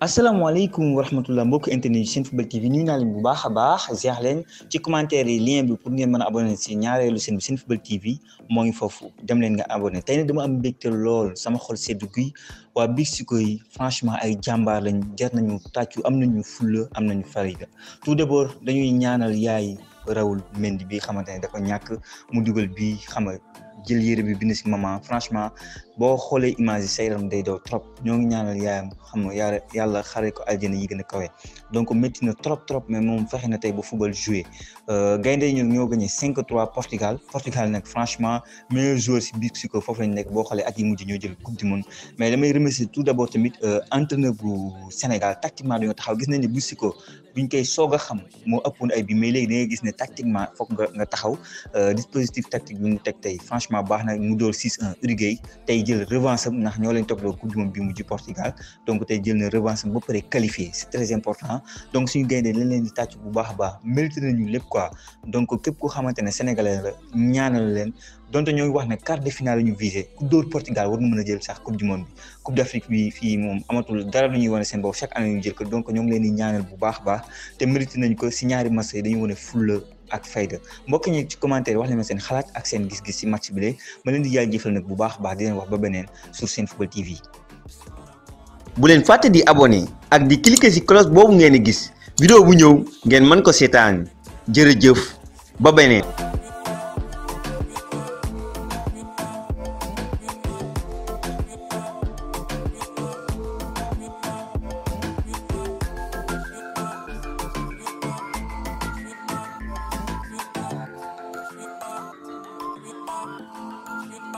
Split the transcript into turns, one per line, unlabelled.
asalaamaaleykum wa rahmatulah mbokk internet yi Senfootball TV nuyu naa leen bu baax a baax ziar leen ci yi lien bi pour ngeen mën a abonné si ñaareelu seen bi Senfootball TV moo ngi foofu dem leen nga abonné tey nag dama am mbégte lool sama xol seddu guy waa Mexico yi franchement ay jàmbaar lañ jar nañu tàccu am nañu fulla am nañu fariga tout d'abord dañuy ñaanal yaay Raoul Mendy bi xamante ne dafa ñàkk mu dugal bi xam jël yére bi bind si maman franchement boo xoolee image yi sa yaram day daw trop ñoo ngi ñaanal yaayam xam nga yàlla yàlla xare ko aljana yi gën a kawe donc métti na trop trop mais moom fexe na tey ba football joué euh, gaynde ñu ñoo gagné 5-3 Portugal Portugal nag franchement meilleur joueur si biir si ko foofu lañ nekk boo xoolee at i mujj ñoo jël coupe du monde mais damay remercier tout d' abord tamit euh, entraîneur bu Sénégal tactiquement dañoo taxaw gis nañ ni bu si ko buñ koy soog a xam moo ëppoon ay bi mais léegi da ngay gis ne tactiquement foog nga nga taxaw euh, dispositif tactique bi mu teg tey franchement baax na mu door 6-1 Uruguay jël revanche am ndax ñoo leen toppaloo coupe du monde bi mu mujj Portugal donc tey jël na revanche am ba pare qualifié c' est très important donc suñu gaynde lañ leen di tàcc bu baax a baax mérité nañu lépp quoi donc képp ku xamante ne sénégalais la ñaanal leen donte ñoo ngi wax ne quart de finale ñu visé ku dóor Portugal war na mën a jël sax coupe du monde bi coupe d' Afrique bi fii moom amatul dara lu ñuy wane seen bopp chaque année ñu jël ko donc ñoo ngi leen di ñaanal bu baax a baax te mérité nañ ko si ñaari match yi dañu wane fulla ak fayda mbokk ñi ci commentaire wax ma seen xalaat ak seen gis-gis si match bi lee ma leen di jaajëfal nag bu baax baax di leen wax ba beneen sur seen football TV. bu leen fàtte di
abonné ak di cliquer si cloche boobu ngeen di gis video bu ñëw ngeen man ko seetaan jërëjëf ba beneen.